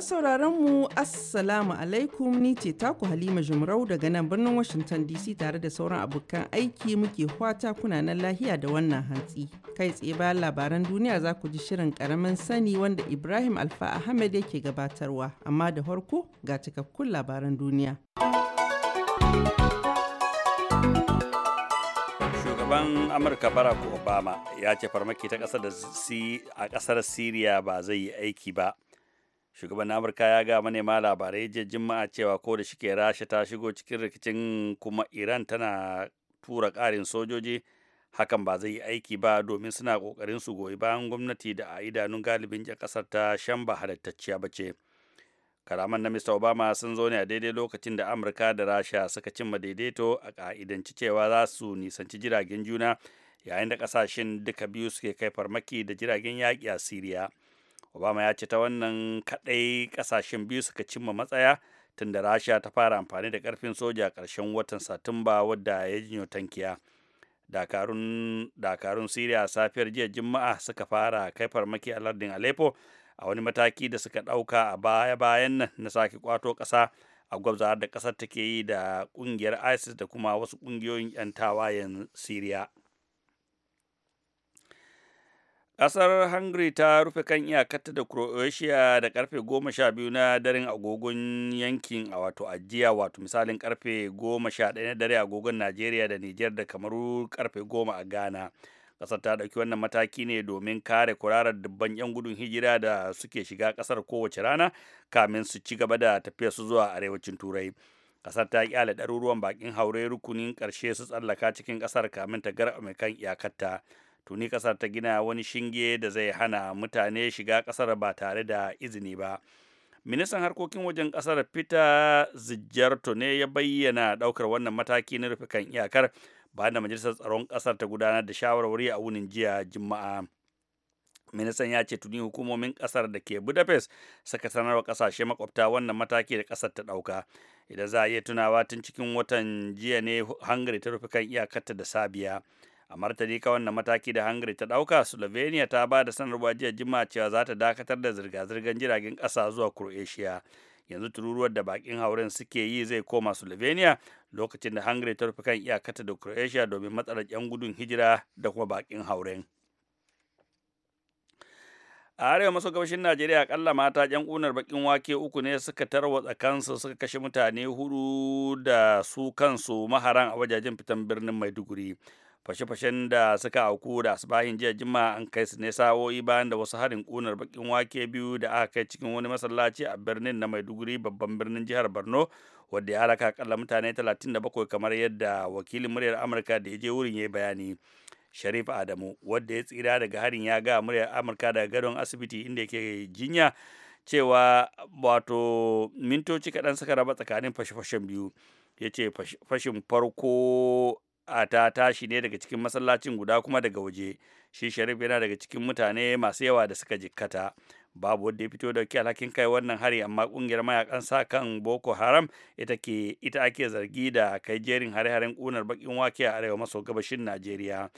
Masu sauraron mu Assalamu alaikum ni ce taku Halima Jumrau daga nan birnin Washington DC tare da sauran abokan aiki muke fata kuna nan lahiya da wannan hantsi. Kai tsaye bayan labaran duniya za ku ji shirin karamin sani wanda Ibrahim Alfa Ahmed yake gabatarwa amma da farko ga cikakkun labaran duniya. shugaban amurka barack obama ya ce farmaki ta kasar da a kasar syria ba zai yi aiki ba shugaban amurka ya ga manema labarai jiya juma'a cewa ko da shike rasha ta shigo cikin rikicin kuma iran tana tura ƙarin sojoji hakan ba zai yi aiki ba domin suna kokarin su goyi bayan gwamnati da a idanun galibin ƙasar ta shan ba halittacciya ba ce karaman na mr obama sun zo ne a daidai lokacin da amurka da rasha suka cimma daidaito a ƙa'idanci cewa za su nisanci jiragen juna yayin da ƙasashen duka biyu suke kai farmaki da jiragen yaƙi a siriya obama ya ce ta wannan kaɗai ƙasashen biyu suka cimma matsaya tun da rasha ta fara amfani da karfin soja a ƙarshen watan satumba wadda ya jinyo tankiya dakarun, dakarun siriya safiyar jiya juma'a suka fara kai farmaki a lardin aleppo a wani mataki da suka dauka a baya-bayan nan na sake kwato kasa a gwabza da ƙasar take yi da kungiyar isis da kuma wasu ƙungiyoyin 'yan tawayen siriya Ƙasar Hungary ta rufe kan iyakarta da Croatia da karfe goma sha biyu na daren agogon yankin a wato ajiya wato misalin karfe goma ɗaya na dare agogon Najeriya da Nijar da Kamaru karfe goma a Ghana. Ƙasar ta ɗauki wannan mataki ne domin kare kurarar dubban 'yan gudun hijira da suke shiga ƙasar kowace rana kamin su ci gaba da tafiyar su zuwa arewacin Turai. Ƙasar ta kyale ɗaruruwan bakin haure rukunin ƙarshe su tsallaka cikin ƙasar kamin ta mai kan iyakarta. tuni kasar ta gina wani shinge da zai hana mutane shiga kasar ba tare da izini ba ministan harkokin wajen kasar peter zijjarto ne ya bayyana daukar wannan mataki na rufe kan iyakar bayan da majalisar tsaron kasar ta gudanar da shawarwari a wunin jiya juma'a ministan ya ce tuni hukumomin kasar da ke budapest suka sanarwa kasashe makwabta wannan mataki da kasar ta dauka idan za a iya tunawa tun cikin watan jiya ne hungary ta rufe kan iyakarta da sabiya a martani ka wannan mataki da hungary ta dauka slovenia ta ba da sanarwa jiya jimma cewa za ta dakatar da zirga-zirgar jiragen kasa zuwa croatia yanzu tururuwar da bakin hauren suke yi zai koma slovenia lokacin da hungary ta rufe kan iyakata da croatia domin matsalar 'yan gudun hijira da kuma bakin hauren a arewa maso gabashin najeriya akalla mata yan kunar bakin wake uku ne suka tarwatsa kansu suka kashe mutane hudu da su kansu maharan a wajajen fitan birnin maiduguri fashe-fashen da suka auku da asibahin jiya jima an kai su ne sawoyi, bayan da wasu harin kunar bakin wake biyu da aka kai cikin wani masallaci a birnin na maiduguri babban birnin jihar borno wadda ya halaka akalla mutane 37 kamar yadda wakilin muryar amurka da ya je wurin ya bayani sharif adamu wadda ya tsira daga harin ya ga muryar amurka daga gadon asibiti inda yake jinya cewa wato mintoci kaɗan suka raba tsakanin fashe-fashen biyu ya ce fashin farko a ta tashi ne daga cikin masallacin guda kuma daga waje shi sharif yana daga cikin mutane masu yawa da suka jikkata babu wanda ya fito da dauki alhakin kai wannan hari amma kungiyar mayakan sa kan boko haram ita ke ita ake zargi da kai jerin hare-haren kunar bakin wake a arewa maso gabashin najeriya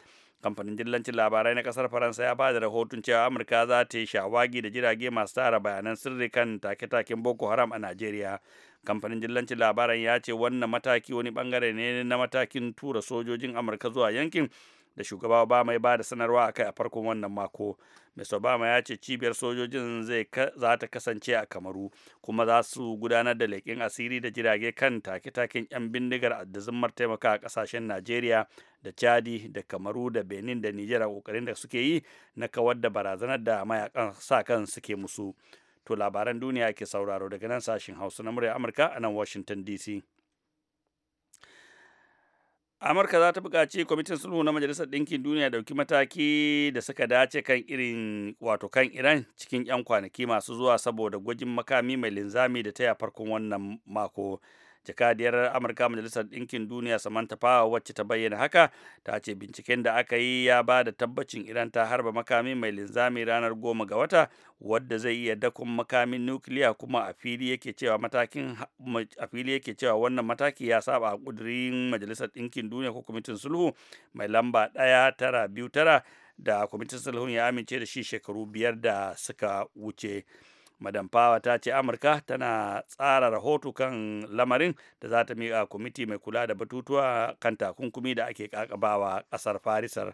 kamfanin dillancin labarai na kasar faransa ya bada rahoton cewa amurka za ta yi shawagi da jirage masu tara bayanan sirri kan take-taken boko haram a najeriya kamfanin dillancin labaran ya ce wannan mataki wani bangare ne na matakin tura sojojin amurka zuwa yankin da shugaba obama ya ba da sanarwa akai a farkon wannan mako mr obama ya ce cibiyar sojojin zai za ta kasance a kamaru kuma za su gudanar da leƙin asiri da jirage kan take-taken 'yan bindigar da zimmar taimaka a ƙasashen najeriya da chadi da kamaru da benin da nigeria a ƙoƙarin da suke yi na kawar da barazanar da mayakan sa kan suke musu to labaran duniya ke sauraro daga nan sashen hausa na murya amurka a nan washington dc amurka za ta buƙaci kwamitin sulhu na majalisar ɗinkin duniya ɗauki mataki da suka dace kan irin wato kan iran cikin 'yan kwanaki masu zuwa saboda gwajin makami mai linzami da taya farkon wannan mako jakadiyar amurka majalisar ɗinkin duniya samantha power wacce ta bayyana haka ta ce binciken da aka yi ya ba da tabbacin iran ta harba makami mai linzami ranar goma ga wata wadda zai iya dakon makamin nukiliya kuma a fili yake cewa cewa wannan mataki ya saba a kudirin majalisar ɗinkin duniya ko kwamitin sulhu mai lamba ɗaya tara biyu tara da kwamitin sulhun ya amince da shi shekaru biyar da suka wuce. madam Power ta ce Amurka tana tsara rahoto kan lamarin da za ta miƙa kwamiti mai kula da batutuwa kan takunkumi da ake kakabawa ƙasar Farisar.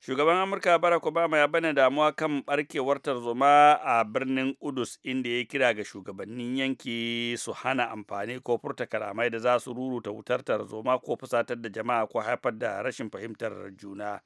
Shugaban Amurka Barack Obama ya bane damuwa kan barkewar tarzoma a birnin Udus inda ya kira ga shugabannin yanki su hana amfani ko furta karamai da za su ruruta wutar tarzoma ko fusatar da jama'a ko haifar da rashin fahimtar juna.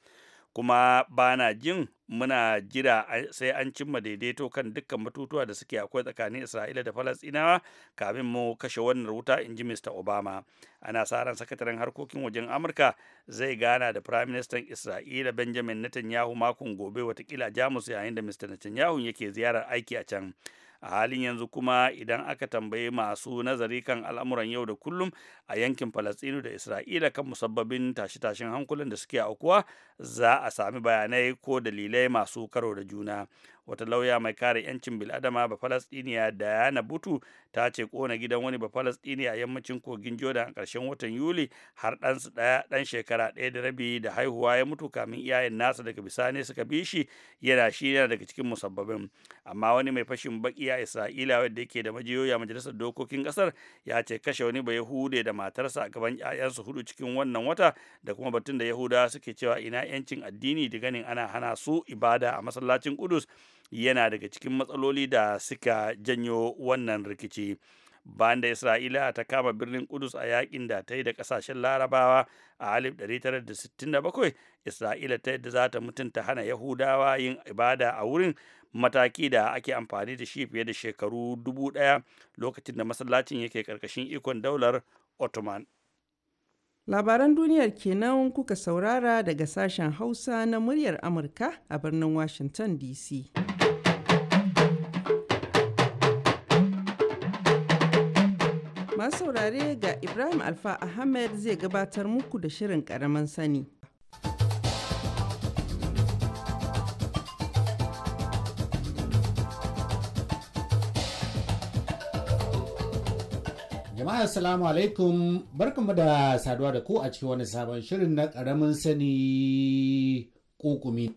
kuma ba na jin muna jira sai an cimma daidaito kan dukkan batutuwa da suke akwai tsakanin isra'ila da falasɗinawa kafin mu kashe wannan wuta in ji mr obama ana sa ran sakataren harkokin wajen amurka zai gana da prime minister isra'ila benjamin netanyahu makon gobe watakila jamus yayin da mr netanyahu yake ziyarar aiki a can a halin yanzu kuma idan aka tambayi masu nazari kan al'amuran yau da kullum a yankin falastinu da isra'ila kan musabbabin tashe-tashen hankulan da suke aukuwa za a sami bayanai ko dalilai masu karo da juna wata lauya mai kare 'yancin bil'adama ba falastiniya diana butu ta ce kona gidan wani ba falastiniya a yammacin kogin jordan a ƙarshen watan yuli har ɗansu ɗaya ɗan shekara ɗaya da rabi da haihuwa ya mutu kamin iyayen nasa daga bisani suka bi shi yana shi yana daga cikin musabbabin amma wani mai fashin baki a isra'ila wanda yake da majiyoyi a majalisar dokokin kasar ya ce kashe wani ba yahude da matarsa a gaban 'ya'yansu hudu cikin wannan wata da kuma batun da yahudawa suke cewa ina 'yancin addini da ganin ana hana su ibada a masallacin kudus yana daga cikin matsaloli da suka janyo wannan rikici bayan da isra'ila ta kama birnin kudus a yakin da ta yi da ƙasashen larabawa a 1967 isra'ila ta yadda za ta mutunta hana yahudawa yin ibada a wurin mataki da ake amfani da shi fiye da shekaru dubu ɗaya lokacin da masallacin yake karkashin ikon daular ottoman labaran duniyar kenan kuka saurara daga sashen hausa na muryar amurka a birnin washington dc Masu saurare ga Ibrahim Alfa Ahmed zai gabatar muku da shirin ƙaramin sani. Jama'a Assalamu alaikum barkanmu da saduwa da ku a cikin wani sabon shirin na ƙaramin sani kokumi.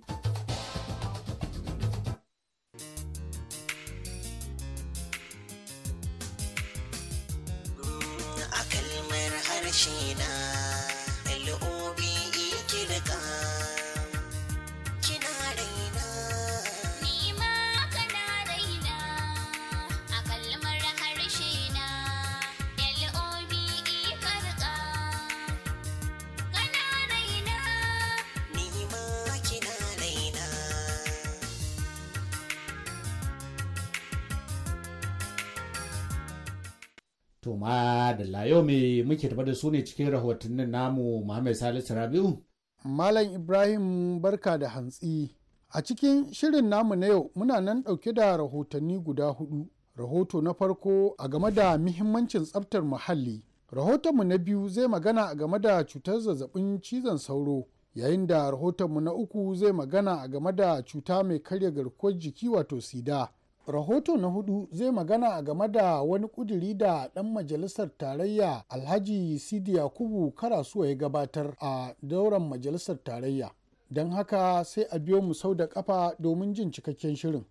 To ma da layo me muke tafa da su ne cikin rahotannin namu Muhammad Salisu Rabiu. Malam Ibrahim barka da hantsi. A cikin shirin namu na yau muna nan ɗauke da rahotanni guda hudu. Rahoto na farko a game da muhimmancin tsaftar muhalli. Rahotonmu na biyu zai magana a game da cutar zazzabin cizon sauro. Yayin da rahotonmu na uku zai magana a game da cuta mai karya garkuwar jiki wato sida. rahoto na hudu zai magana a game da wani kuduri da dan majalisar tarayya alhaji sidi yakubu karasuwa ya gabatar a dauran majalisar tarayya don haka sai a biyo mu sau da kafa domin jin cikakken shirin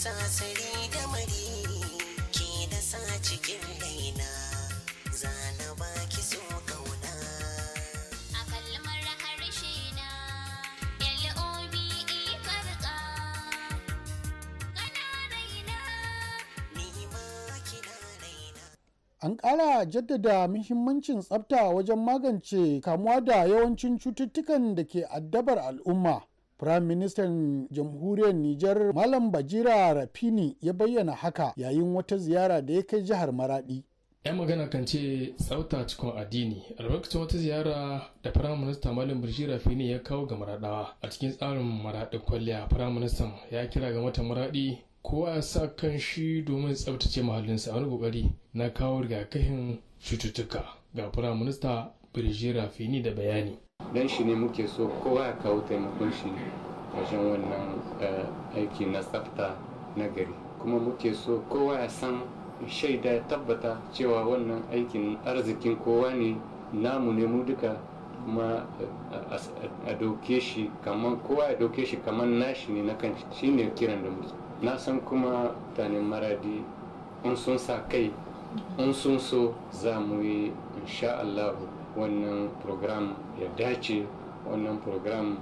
sasari da mari ke da sa cikin daina zana ki so kauna a kalmar harshe na lobe farka kana raina nima kina raina an ƙara jaddada muhimmancin tsafta wajen magance kamuwa da yawancin cututtukan da ke addabar al'umma Prime minister Jamhuriyar Nijar Malam Bajira Rafini ya bayyana haka yayin wata ziyara da ya kai jihar Maradi. 'yan magana kan ce tsauta cikin addini a wata ziyara da prime minister malam Bajira rafini ya kawo ga maradawa a cikin tsarin Maradi kwalliya prime minister ya kira ga mata maradi kowa ya sa kan shi domin tsabtace mahallinsa a wani kokari na kawo rigakafin cututtuka ga prime minister birjira fini da bayani dan shi ne muke so kowa ya kawo taimakon shi wajen wannan eh, aiki na tsafta na gari kuma muke so kowa ya san shaida ya tabbata cewa wannan aikin arzikin kowa ne namu ne mu duka kuma eh, a doke shi kamar kowa ya doke shi kamar nashi ne na kan shi ne kiran da muke na san kuma tanin maradi in sun sa kai in sun so za mu yi insha wannan program ya dace wannan program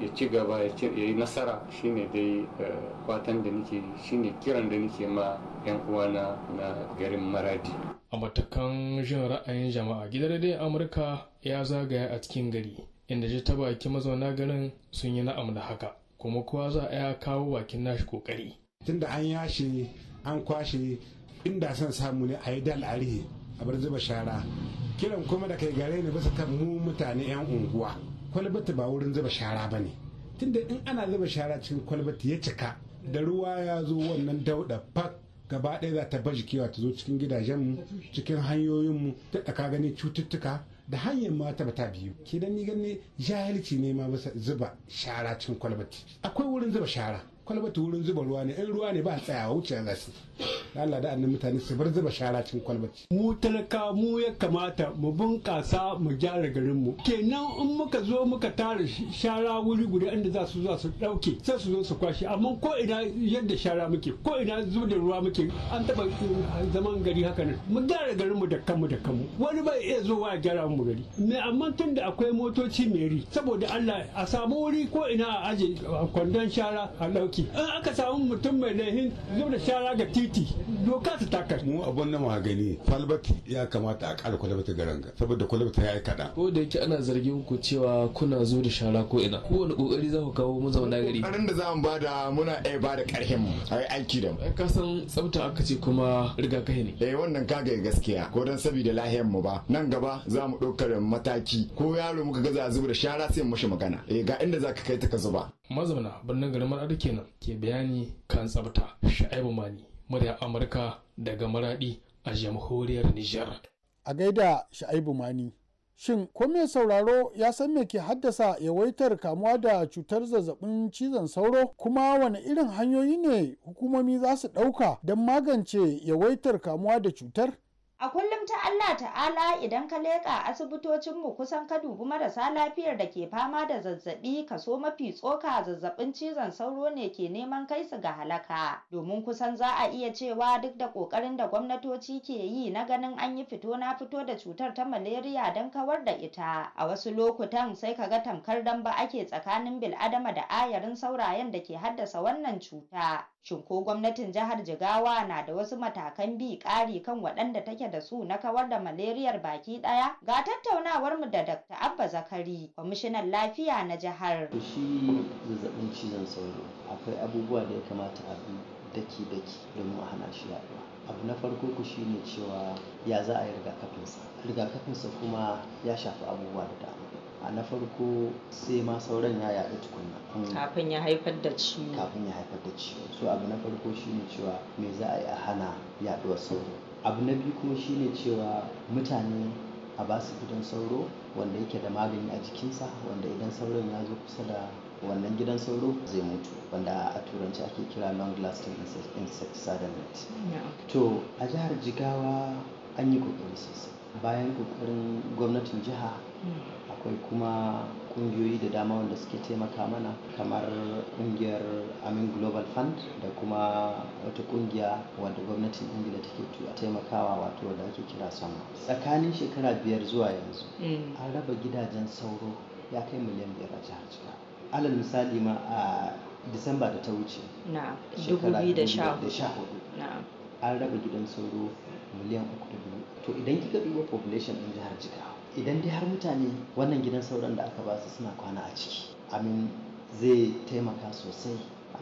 ya ci gaba ya yi nasara shine dai eh, fatan da nake shine kiran da nake ma 'yan uwana na garin maradi a matakan jin ra'ayin jama'a gidan rediyon amurka ya zagaya a cikin gari inda ji ta baki mazauna garin sun yi na'am da haka kuma kowa za a ya kawo bakin nashi kokari tunda an yashe an kwashe inda son samu ne a yi dal a bar zuba shara kiran kuma da kai gare ni bisa ta mu mutane yan unguwa kwalbati ba wurin zuba shara ba ne tunda in ana zuba shara cikin kwalbati ya cika da ruwa ya zo wannan dauɗa fak gaba ɗaya za ta bajikewa ta zo cikin gidajenmu cikin hanyoyinmu ta ɗaka gani cututtuka da hanyar mata ba ta biyu ke ni gani jahilci ne ma bisa zuba shara cikin kwalbati akwai wurin zuba shara kwalbati wurin zuba ruwa ne in ruwa ne ba tsayawa wuce za su Allah da annan mutane su bar zuba shara cikin kwalbati mu talaka mu ya kamata mu bunkasa mu gyara garin mu kenan in muka zo muka tara shara wuri guda inda za su zuwa su dauke sai su zo su kwashe amma ko ina yadda shara muke ko ina zuba da ruwa muke an taba eh, zaman gari haka nan mu gyara garin mu da kanmu da kanmu wani bai iya zuwa gyara mu gari me amma tun da akwai motoci meri saboda Allah a samu wuri ko ina a aje kwandon shara a dauke doki an aka samu mutum mai laihin zub da shara ga titi doka ta takar mu abun na magani falbat ya kamata a kara kwalabata garanga saboda kwalabata ya yi kaɗan ko da yake ana zargin ku cewa kuna zo da shara ko ina kowane kokari za ku kawo mu zauna gari ƙarin da za mu bada muna ba da ƙarhin mu a yi aiki da mu ka san tsafta aka ce kuma rigakafi ne eh wannan kaga gaskiya ko dan saboda lahiyar mu ba nan gaba za mu ɗaukar mataki ko yaro muka gaza zuba da shara sai mu mashi magana eh ga inda za ka kai ta ka zuba mazauna birnin garin mar'ada wannan ke bayani kan tsabta Sha'ibu Mani murya Amurka daga Maradi a jamhuriyar Nijar. A gaida Sha'ibu Mani. Shin ko mai sauraro ya san me ke haddasa yawaitar kamuwa da cutar zazzabin cizon sauro kuma wane irin hanyoyi ne hukumomi za su ɗauka don magance yawaitar kamuwa da cutar? A kullum ta Allah ta'ala idan ka leƙa asibitocinmu kusan ka dubi marasa lafiyar da ke fama da zazzaɓi kaso mafi tsoka zazzaɓin cizon sauro ne ke neman kai su ga halaka. Domin kusan za a iya cewa duk da ƙoƙarin da gwamnatoci ke yi na ganin an yi fito na fito da cutar ta malaria don kawar da ita. A wasu lokutan sai ka ga tamkar damba ake tsakanin bil'adama da ayarin saurayen da ke haddasa wannan cuta. Shin ko gwamnatin jihar Jigawa na da wasu matakan bi ƙari kan waɗanda take da su na kawar da malariyar baki ɗaya? Ga tattaunawar mu da Dr. Abba Zakari, kwamishinan lafiya na jihar. Shi zazzabin cizon sauro akwai abubuwa da ya kamata a bi daki-daki domin a hana shi yaɗuwa. abu na farko ku shine cewa ya za a yi rigakafinsa rigakafinsa kuma ya shafi abubuwa da dama a na farko sai ma sauran ya yaɗu tukunna hmm. kafin ya haifar da ciwo kafin ya haifar da ciwo so abu na farko shine cewa me za a yi a hana yaɗuwar sauro abu na biyu kuma shine cewa mutane a ba su gidan sauro wanda yake da magani a jikinsa wanda idan sauran ya zo kusa da wannan gidan sauro zai mutu wanda a turanci ake kira long lasting insect to a jihar jigawa an yi kokari sosai bayan kokarin gwamnatin jiha hmm. Akwai kuma ƙungiyoyi da dama wanda suke taimaka mana kamar ƙungiyar Amin Global Fund da kuma wata ƙungiya wadda gwamnatin Ingila take taimakawa wato wadda ake kira sama. Tsakanin shekara biyar zuwa yanzu mm. an raba gidajen sauro ya kai miliyan biyar a jihar Jigawa. Alal misali ma a Disamba da ta wuce. na 2014. An raba gidan sauro miliyan uku da biyu. To idan kika duba population ɗin jihar jika. idan dai har mutane wannan gidan sauran da aka ba su suna kwana a ciki amin zai taimaka sosai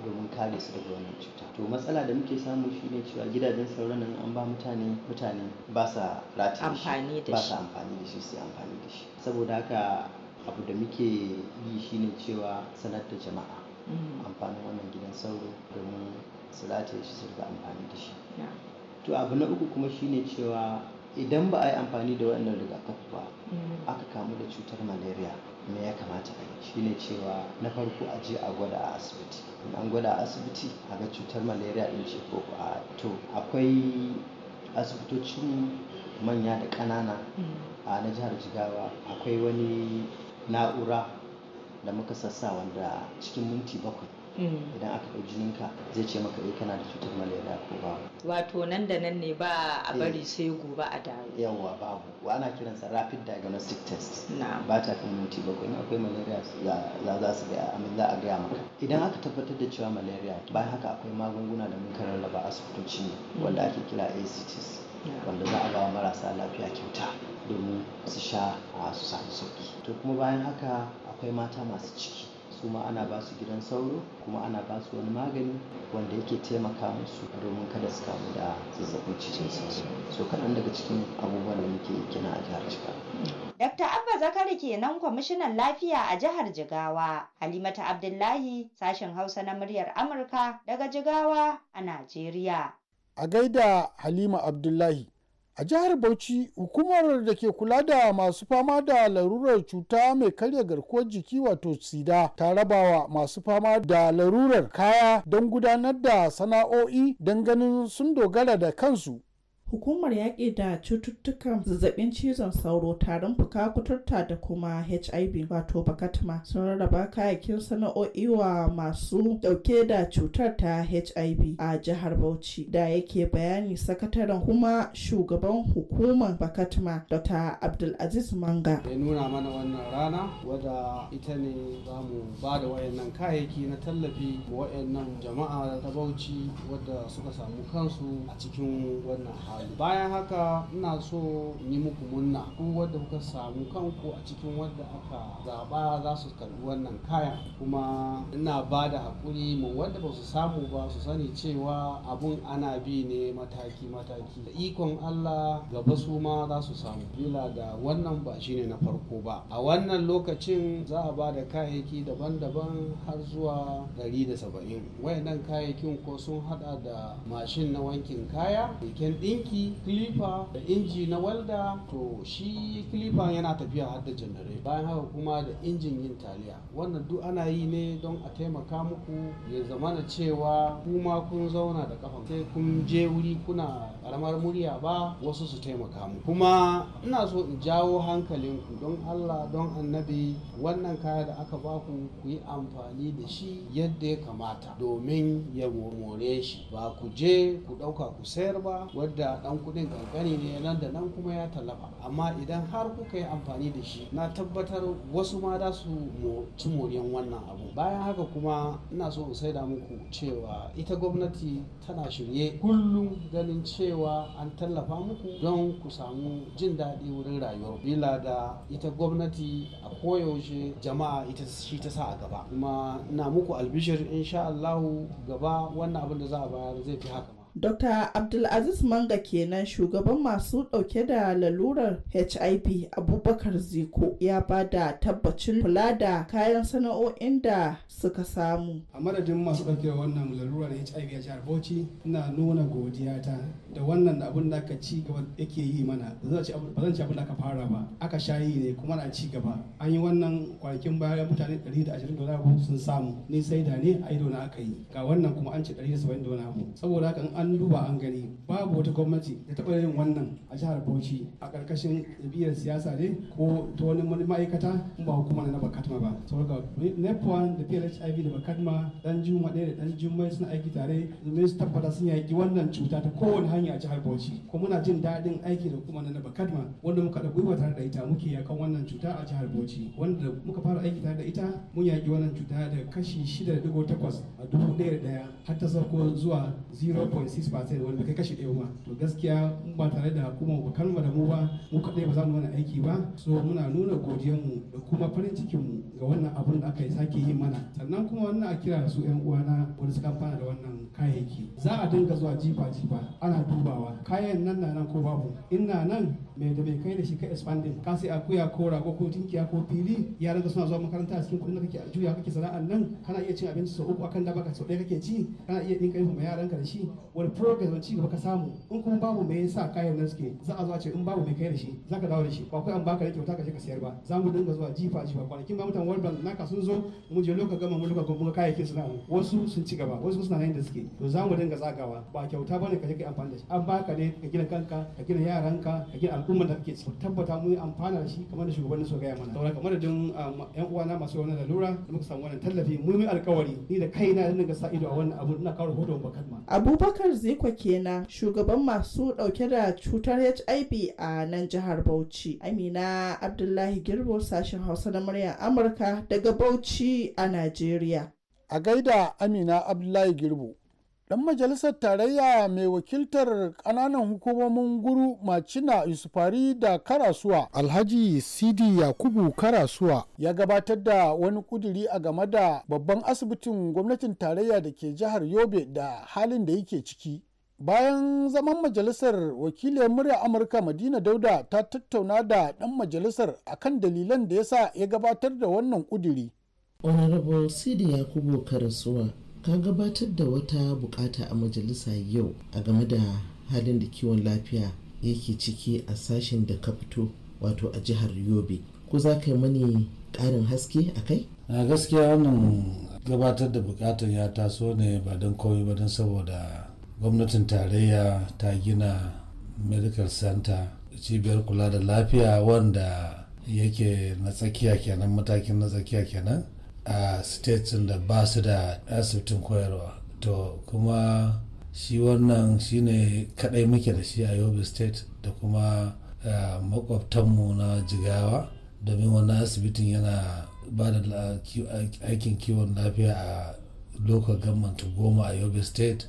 domin kare su daga wannan cuta to matsala da muke samu shine cewa gidajen sauran nan an ba mutane mutane ba sa rati amfani da shi ba sa amfani da shi sai amfani da shi saboda haka abu da muke yi shine cewa sanar da jama'a mm-hmm. amfanin wannan gidan sauro domin su rataye shi su amfani da shi to abu na uku kuma shine cewa idan ba a yi amfani da wannan rigakafi ba mm. aka kamu da cutar malaria me ya kamata a yi shine cewa na farko a je a gwada a asibiti in an gwada a asibiti a ga cutar malaria din ce ko a to akwai asibitocin manya da ƙanana mm. a na jihar jigawa akwai wani na'ura da muka sassa wanda cikin minti bakwai Hmm. idan aka jinin ka zai ce maka eh kana da cutar malaria ko ba wato nan da nan ne ba a eh. bari sai gobe a dawo yawa babu wa ana kiransa rapid diagnostic test ba ta kan minti bakwai in akwai malaria za za su ga amin za a gaya maka idan aka tabbatar da cewa malaria bayan haka akwai magunguna da mun rarraba asibitoci ne hmm. wanda ake kira ACTs wanda za a ba marasa lafiya kyauta domin su sha a su sami sauki to kuma bayan haka akwai mata masu ciki su ma ana ba su gidan sauro kuma ana ba su wani magani wanda yake taimaka musu domin kada su kamu da zazzabin cikin sauro so kaɗan daga cikin abubuwan da muke yi kina a jihar Jigawa. Dr. Abba Zakari kenan kwamishinan lafiya a jihar Jigawa. Halimata Abdullahi sashen Hausa na muryar Amurka daga Jigawa a Najeriya. A gaida Halima Abdullahi. a jihar bauchi hukumar da ke kula da masu fama da larurar cuta mai karya garkuwar jiki wato sida ta rabawa masu fama da larurar kaya don gudanar da sana'o'i don ganin sun dogara da kansu hukumar yaƙi da cututtukan zazzabin cizon sauro tarin fuka kuturta da kuma hiv wato bakatma sun rarraba kayakin sana'o'i wa masu ɗauke da cutar ta hiv a jihar bauchi da yake bayani sakataren kuma shugaban hukumar bakatma dr abdulaziz manga ya nuna mana wannan rana wadda ita ne za mu ba da wayannan kayayyaki na tallafi wayannan jama'a ta bauchi wadda suka samu kansu a cikin wannan bayan haka ina so yi muku munna ku wadda kuka samu kanku a cikin wanda aka zaba za su karbi wannan kaya. kuma ina ba da haƙuri mu wanda ba su samu ba su sani cewa abun ana bi ne mataki mataki da ikon Allah gaba su ma za su samu bila da wannan ba shi ne na farko ba a wannan lokacin za a ba da kayayyaki daban-daban har zuwa 170 wayannan kayayyakin ko sun hada da mashin na wankin kaya keken ɗinki aiki kilifa da inji na walda to shi kilifa yana tafiya har da janare bayan haka kuma da injin yin taliya wannan duk ana yi ne don a taimaka muku ya zamana cewa kuma kun zauna da kafa sai kun je wuri kuna karamar murya ba wasu su taimaka mu kuma ina so in jawo hankalinku don allah don annabi wannan kaya da aka baku ku yi amfani da shi yadda ya kamata domin ya more shi ba ku je ku ɗauka ku sayar ba wadda ɗan kuɗin kankani ne nan da nan kuma ya talafa amma idan har kuka yi amfani da shi na tabbatar wasu ma za su ci moriyan wannan abu bayan haka kuma ina so in saida muku cewa ita gwamnati tana shirye kullum ganin cewa cewa an tallafa muku don ku samu jin daɗi wurin rayuwar bila da ita gwamnati a koyaushe jama'a ita shi ta sa a gaba kuma na muku albishir insha Allahu gaba wannan abin da za a bayar zai fi haka Dr. Abdulaziz Manga kenan shugaban masu dauke da lalurar HIV Abubakar Ziko ya ba da tabbacin kula da kayan sana'o'in da suka samu. A madadin masu dauke da wannan lalurar HIV a jihar Bauchi ina nuna godiyata da wannan abin da aka ci gaba yake yi mana ba zan ci abin da aka fara ba aka sha yi ne kuma na ci gaba an yi wannan kwanakin bayan mutane 120 sun samu ni sai da ne a ido na aka yi ga wannan kuma an ci 170 saboda haka an duba an gani babu wata gwamnati da taɓa yin wannan a jihar bauchi a ƙarƙashin biyar siyasa ne ko ta wani ma'aikata in ba hukumar na bakatma ba ga nepa da phib da bakatma dan juma ɗaya da dan juma suna aiki tare domin su tabbata sun yaƙi wannan cuta ta kowane hanya a jihar bauchi ko muna jin daɗin aiki da hukumar na bakatma wanda muka ɗauki gwiwa tare da ita muke yaƙan wannan cuta a jihar bauchi wanda muka fara aiki tare da ita mun yaƙi wannan cuta da kashi takwas a dubu ɗaya da ɗaya har ta sauko zuwa 0. 0.6% wanda kai kashi ɗaya ba to gaskiya in ba tare da hukumar ba kalma da mu ba mu kaɗai ba za mu mana aiki ba so muna nuna mu da kuma farin cikinmu ga wannan abun da aka yi sake yi mana sannan kuma wannan a kira su 'yan uwana wani suka amfana da wannan kayayyaki za a dinga zuwa jifa jifa ana dubawa kayan nan na nan ko babu in na nan mai da mai kai da shi ka expanding ka sai akuya ko rago ko tinkiya ko fili yaran da suna zuwa makaranta a cikin kuɗin da kake juya kake sana'an nan kana iya cin abinci sau uku akan da baka sau ɗaya kake ci kana iya ɗinka yin ma yaranka da shi wani progress wani cigaba ka samu in kuma babu mai sa kayan nan suke za a zo a ce in babu mai kai da shi za ka dawo da shi ba kai an baka da kyauta ka je ka sayar ba za mu dinga zuwa jifa jifa kwanakin ba mutan world bank naka sun zo mu je lokacin gama mu loka kuma kayayyakin suna nan wasu sun ci gaba wasu suna nan da suke to za mu dinga zagawa ba kyauta bane ka je ka amfani da shi an baka ne ka gina kanka ka gina yaranka ka gina al'umma da kake ciki tabbata mu amfana da shi kamar da shugabannin su gaya mana saboda kamar da yan um, uwana masu wannan lalura da muka samu wannan tallafi mu yi alƙawari ni da kaina zan ga sa ido a wannan abu ina kawo rahoton bakar ma abubakar Umar Ziko kenan shugaban masu dauke da cutar HIV a nan jihar Bauchi. Amina Abdullahi Girbo sashen Hausa na muryar Amurka daga Bauchi a Najeriya. A gaida Amina Abdullahi Girbo. Ɗan majalisar tarayya mai wakiltar ƙananan hukumomin guru Macina Yusufari da Karasuwa Alhaji Sidi Yakubu Karasuwa ya gabatar da wani kuduri a game da babban asibitin gwamnatin tarayya da ke jihar Yobe da halin da yake ciki. Bayan zaman majalisar wakilin murya Amurka Madina Dauda ta tattauna da ɗan majalisar akan dalilan da ya sa ya gabatar da wannan kuduri. Honorable Sidi Yakubu Karasuwa ka gabatar da wata bukata a majalisa yau a game da halin da kiwon lafiya yake ciki a sashen da ka fito wato a jihar yobe ko za ka yi mani karin haske a kai a gaskiya wannan gabatar da bukatar ya taso ne ba don komai ba don saboda gwamnatin tarayya ta gina medical center cibiyar kula da lafiya wanda yake na tsakiya kenan matakin na tsakiya kenan a states da ba su da asibitin koyarwa to kuma shi wannan shi ne kadai muke da shi a yobe state da kuma makwabtanmu na jigawa domin wani asibitin yana ba da aikin kiwon lafiya a local government goma a yobe state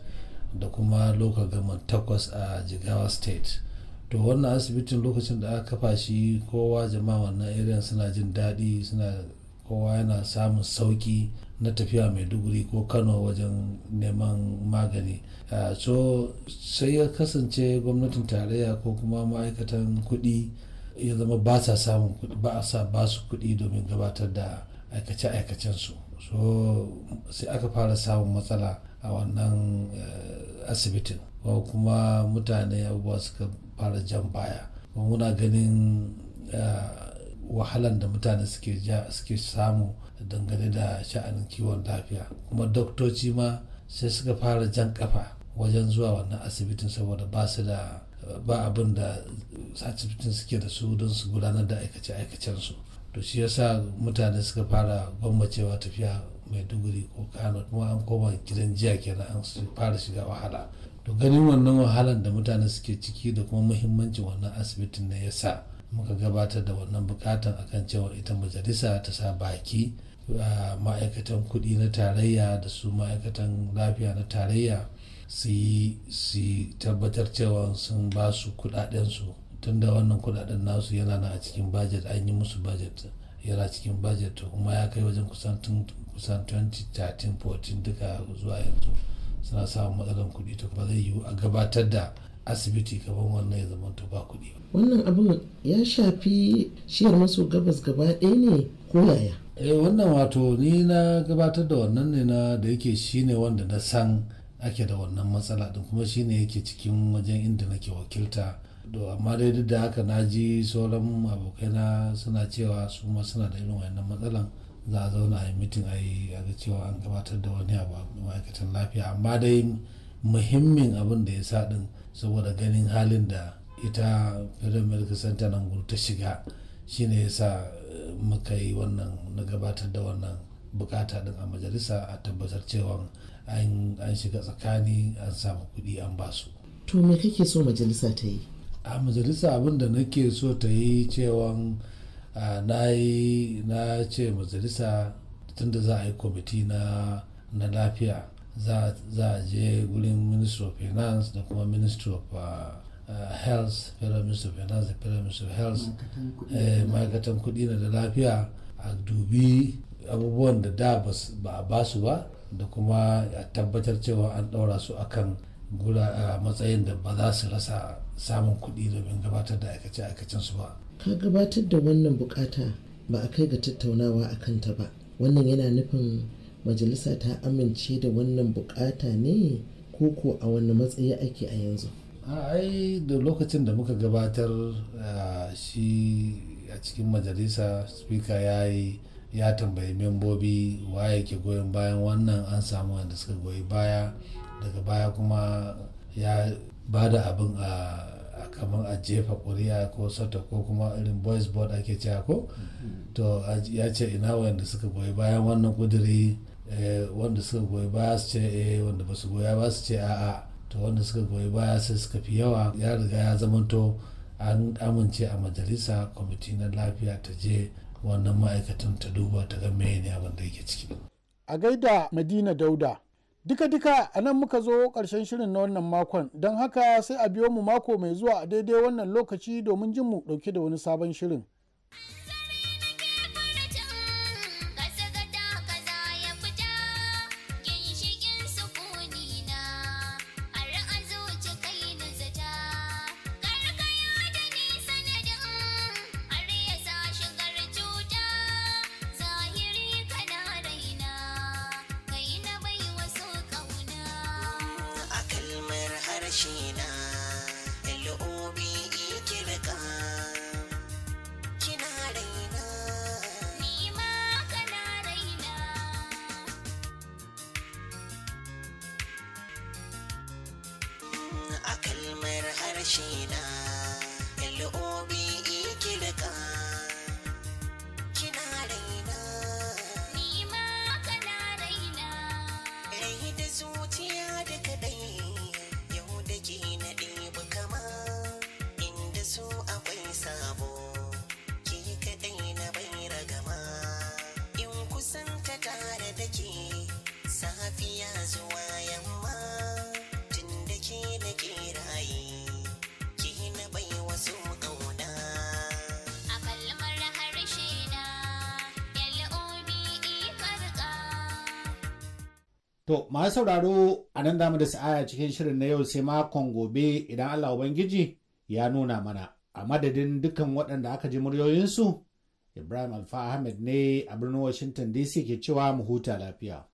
da kuma local government takwas a jigawa state to wannan asibitin lokacin da aka kafa shi kowa jama'a wannan irin suna jin daɗi suna kowa yana samun sauki na tafiya mai duguri ko kano wajen neman magani ah, so sai ya kasance gwamnatin tarayya ko kuma ma'aikatan kuɗi ya zama ba sa samun kuɗi ba sa ba su kuɗi domin gabatar da aikace aikacen su so sai aka fara samun matsala a wannan eh, asibitin ko kuma mutane abubuwa suka fara jan baya muna ganin ah, wahalan da mutane suke suke samu dangane da sha'anin kiwon lafiya kuma doktoci ma sai suka fara jan kafa wajen zuwa wannan asibitin saboda ba su da ba abin da asibitin suke da su don su gudanar da aikace-aikacen su to shi yasa mutane suka fara gwammacewa tafiya maiduguri ko kano kuma an koma gidan jiya kenan an fara shiga wahala to ganin wannan wahalan da mutane suke ciki da kuma muhimmancin wannan asibitin ne yasa sa muka gabatar da wannan bukatan akan cewa ita majalisa ta sa baki a ma'aikatan kuɗi na tarayya da su ma'aikatan lafiya na tarayya su yi tabbatar cewa sun ba su kuɗaɗensu tun da wannan kuɗaɗen nasu yana na a cikin bajet an yi musu budget yana cikin bajet kuma ya kai wajen kusan 2013-14 duka zuwa yanzu suna samun matsalar kuɗi to ba zai yiwu a gabatar da asibiti kamar wannan ya zama ba kuɗi. wannan abin ya shafi shiyar maso gabas gaba ɗaya ne ko yaya eh wannan wato ni na gabatar da wannan ne na da yake shine wanda na san ake da wannan matsala din kuma shine yake cikin wajen inda nake wakilta to amma dai duk da haka na ji sauran abokaina suna cewa su ma suna da irin wannan matsalan za a zauna a yi mitin a yi a ga cewa an gabatar da wani abu a ma'aikatan lafiya amma dai muhimmin abin da ya sa din saboda ganin halin da ita federal medical center nan guru ta shiga shine yasa eh, muka yi wannan na gabatar da wannan bukata din a majalisa a tabbatar cewa an shiga tsakani an samu kuɗi an ba su. to me kake so majalisa ta yi a majalisa abin da nake so ta yi cewa na yi na ce majalisa tunda za a yi kwamiti na na lafiya za a je gurin ministry of finance da kuma ministry of uh, uh, health federal ministry of finance da federal ministry of health ma'aikatan kudi eh, na da lafiya a dubi abubuwan da da ba a basu ba da kuma a tabbatar cewa an ɗaura su akan gura matsayin da ba za su rasa samun kuɗi domin gabatar da aikace-aikacen su ba. Ka gabatar da wannan bukata ba a kai ga tattaunawa a kanta ba. Wannan yana nufin majalisa ta amince da wannan bukata ne ko ko a wani matsayi ake a yanzu ai da lokacin da muka gabatar shi a cikin majalisa speaker ya yi ya tambayi membobi waye ke goyon bayan wannan an samu wanda suka goyi baya daga baya kuma ya ba da abin a kamar a jefa ƙuri'a ko sata ko kuma irin boys board ake cewa ko mm-hmm. to ya ce ina wanda suka goyi bayan wannan ƙuduri Eh, wanda suka goyi baya su ce eh wanda ba su goya ba su ce a'a to wanda suka goyi baya sai suka fi yawa ya riga ya zamanto an amince a majalisa kwamiti na lafiya ta je wannan ma'aikatan ta duba ta ga ne abin da yake ciki a gaida madina dauda Duka-duka a nan muka zo karshen shirin na wannan makon, don haka sai a biyo mu mako mai zuwa a daidai wannan lokaci domin jin mu dauke da wani sabon shirin. To, masu sauraro a nan damu da sa'aya cikin shirin na yau sai makon gobe idan Allah Ubangiji ya nuna mana. A madadin dukan waɗanda aka ji muryoyinsu, Ibrahim Alfa Ahmed ne a birnin Washington DC ke cewa mu huta lafiya.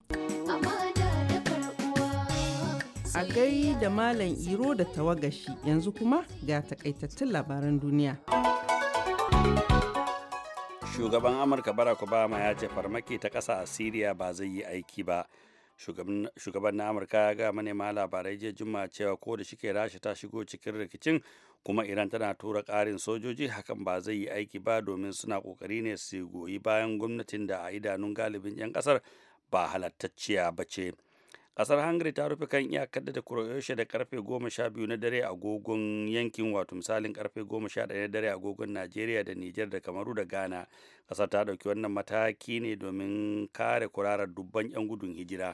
A gai da Malam Iro da tawagashi yanzu kuma ga takaitattun labaran duniya. Shugaban Amurka Barack Obama ya ce farmaki ta ƙasa a Siriya ba zai yi aiki ba. shugaban na amurka ga manema labarai jiya juma cewa ko da shike rasha ta shigo cikin rikicin kuma iran tana tura karin sojoji hakan ba zai yi aiki ba domin suna kokari ne su goyi bayan gwamnatin da a idanun galibin 'yan kasar ba halattacciya ba ce kasar hungary ta rufe kan iyakar da croatia da karfe 12 na dare agogon yankin wato misalin karfe 11 na dare agogon nigeria da niger da kamaru da ghana kasar ta dauki wannan mataki ne domin kare kurarar dubban 'yan gudun hijira